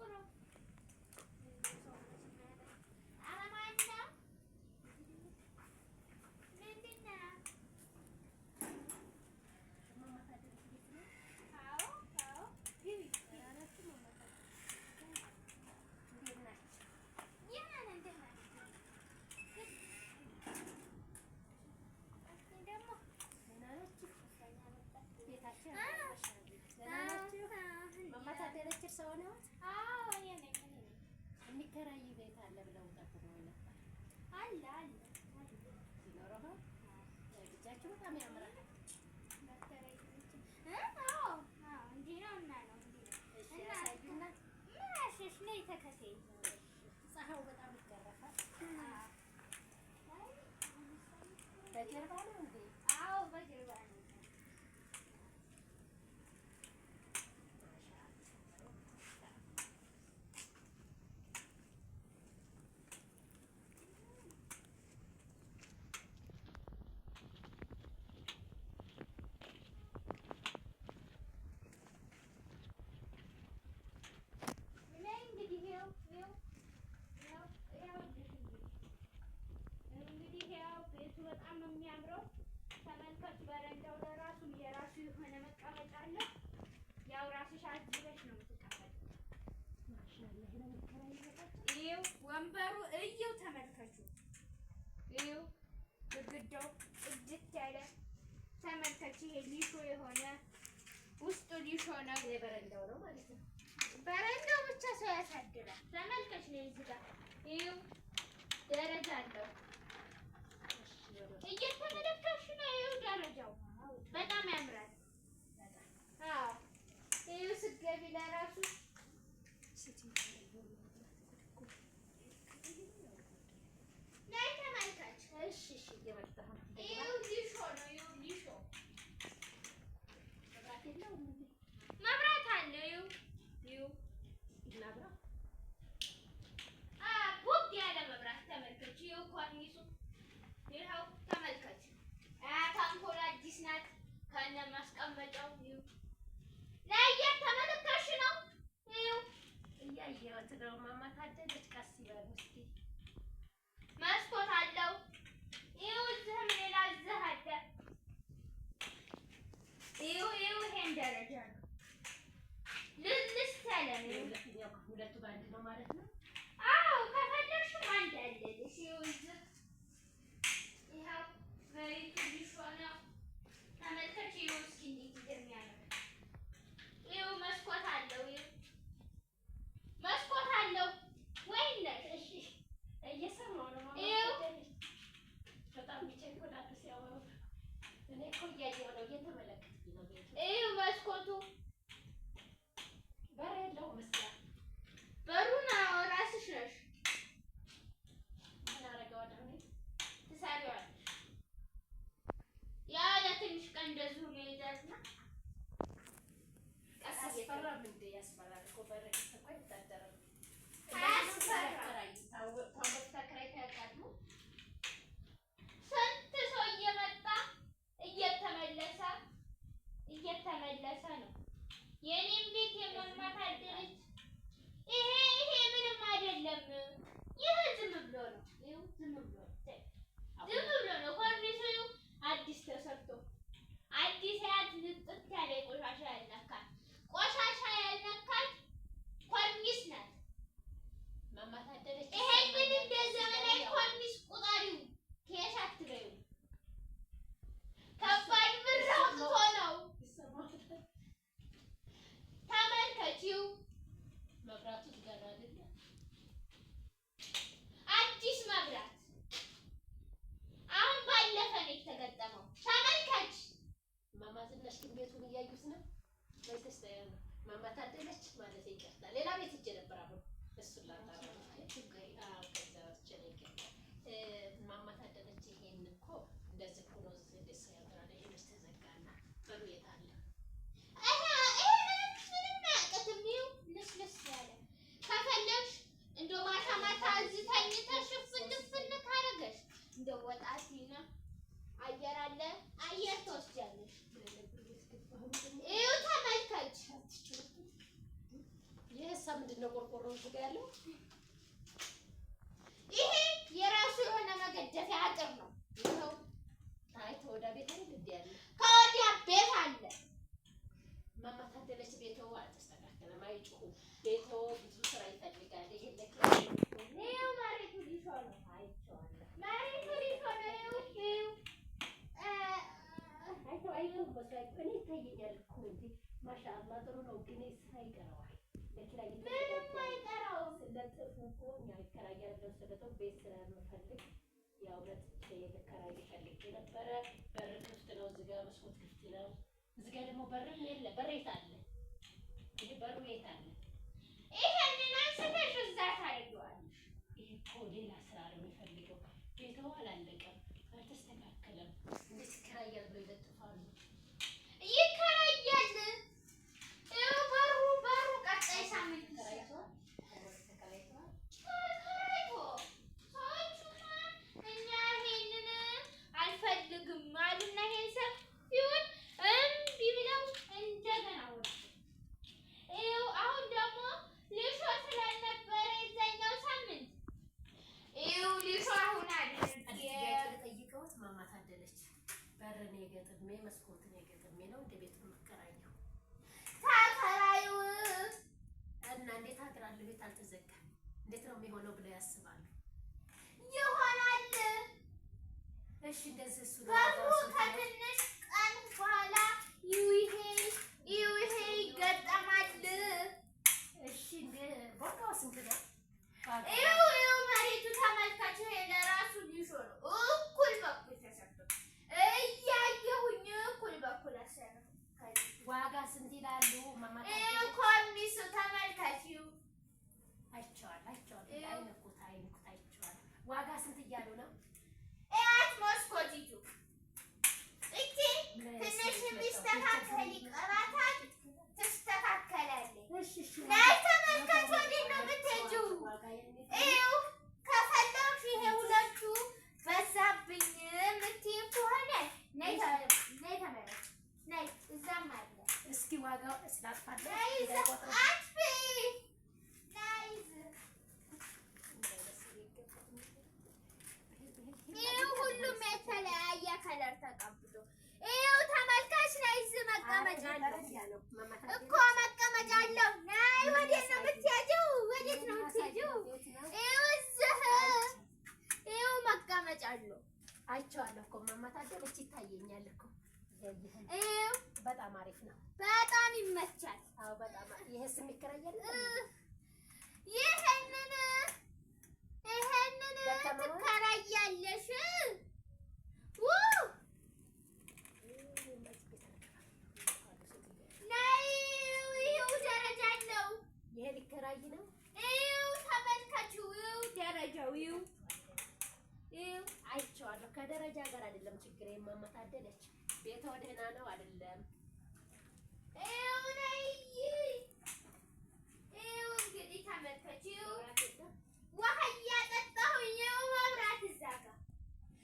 What up? አለ አለ ሲኖረው ልጃችሁ ነው እና ነው ምን ፀሐዩ በጣም ይገረፋል በጀርባ ነው በረንዳው ለራሱ የራሱ የሆነ መቀመጫ አለ። ያው ራስሽ አዝበሽ ነው የምትቀመጪው። ይኸው ወንበሩ እየው ተመልከቱ። ይኸው ግድግዳው ጽድት ያለ ተመልከች። ይሄ ሊሾ የሆነ ውስጡ ሊሾ ነው። የበረንዳው ነው ማለት ነው። በረንዳው ብቻ ሰው ያሳድራል። ተመልከች ነው እዚህ ይኸው ደረጃ አለው። ደረጃው በጣም ያምራል። አዎ ስትገቢ ለራሱ ተመልካች መብራት አለው ቦግ ያለ መብራት ተመልከች። ይኸው እኮ ተመልከች ናት ከነ ማስቀመጫው ለየት ተመልከሽ ነው እያየሁት ነው። ማማ ታደለች። ቀስ ይበሉ እስኪ መስኮት አለው። ይኸው እዚህም ሌላ እዚህ አለ። ይኸው ይኸው ይሄን ደረጃ ነው። ልልስ ያለ ነው። ሁለቱ ባንድ ነው ማለት ነው። አዎ ከፈለግሽም አንድ አለ መስኮቱ በር የለውም። በሩን እራስሽ ነሽ ትሰሪዋለሽ። ያ ለትንሽ ቀን እንደዚሁ ነው የሄዳትና አያስፈራም እንደ ያስፈራል እኮ በር እየተመለሰ ነው። የኔም ቤት የመማት አደረች። ይሄ ይሄ ምንም አይደለም። ይህ ዝም ብሎ ነው። ይኸው ዝም ብሎ ዝም ብሎ ነው። ኮርኒሱ አዲስ ተሰርቶ አዲስ ያት ልጥት ያለ ቆሻሻ ያለካ ቆሻሻ ማማት አደለች ማለት ይቀርታ ሌላ ቤት ሂጅ ነበር። አሁን እሱን ላጣራ ማማት አደለች። ይሄን እኮ እንደዚህ ሆኖ ተዘጋና በሩ የት ነው ቆርቆሮ እዚህ ጋር ያለው። ይሄ የራሱ የሆነ መገደፊያ አጥር ነው። ይኸው አይ ተወዳ ቤት አይደል ያለ ከወዲያ ቤት አለ። ማማታደለች ቤተው አልተስተካከለም። አይጮሁ ቤተው ብዙ ስራ ይፈልጋል። መሬቱ ነው። አይቼዋለሁ። መሬቱ ሊሾ ነው። አይተው አይተው በቃ እኔ ይታየኛል እኮ እንጂ ማሻአላ ጥሩ ነው ግን ሳይገረዋል የተለያየ ምንም አይጠራው ስለጥፉ እኮ እኛ ይከራያል ብለው ስለተው ቤት ስለምፈልግ ያው ለጥቼ ልከራይ ፈልጌ ነበረ። በር ክፍት ነው። እዚህ ጋ መስኮት ክፍት ነው። እዚህ ጋ ደግሞ በርም የለ በሬት አለ እንዴት ነው የሚሆነው ብለው ያስባሉ ይሆናል። እሺ እንደዚህ እሱ ዋጋው ስላጥፋለሁ ሁሉም የተለያየ ከለር ተቀብቶ ይኸው ተመልካች ናይዝ መቀመጫ አለው እኮ መቀመጫ አለው። ናይ ወዴት ነው የምትሄጂው? ወዴት ነው የምትሄጂው? ይኸው እዚህ ይኸው መቀመጫ አለው። አይቼዋለሁ እኮ እች ይታየኛል እኮ ይኸው በጣም አሪፍ ነው። በጣም ይመቻል። አዎ በጣም ይሄስ ይሄንን ይሄንን ትከራያለሽ። ይኸው ደረጃ አለው። ይሄ ሊከራይ ነው። ይኸው ይኸው ደረጃው ይኸው ይኸው አይቼዋለሁ። ከደረጃ ጋር አይደለም ችግር ቤተው ደህና ነው አይደለም?